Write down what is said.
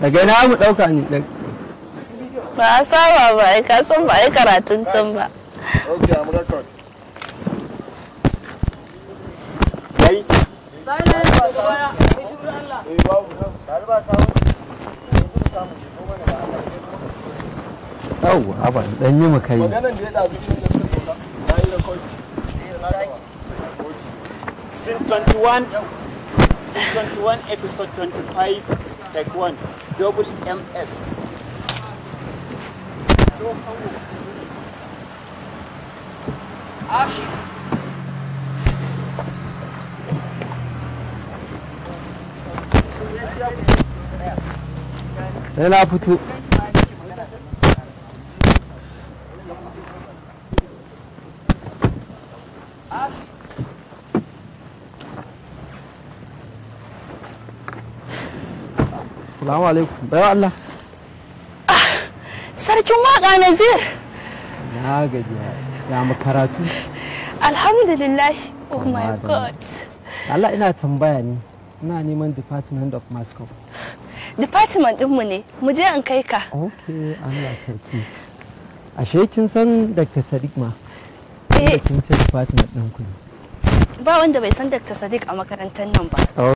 daga ina mu dauka ne ba a saba ba ai ka san ba ai karatun can ba okay i'm record kai yawwa aba dan yi sin 21, episode 25, take 1, double MS. Action. Yana Assalamu alaikum. Bayan Allah. Ah, sarkin waka Nazir. Na gaji. Ya mu karatu. Alhamdulillah. Oh my god. Allah ina tambaya ne. Ina neman department of Moscow. Department ɗinmu ne. Mu je an kai ka. Okay, Allah sarki. Ashe kin san Dr. Sadiq ma. Eh. Kin ce department ɗinku ne. Ba wanda bai san Dr. Sadiq a makarantar nan ba. Oh.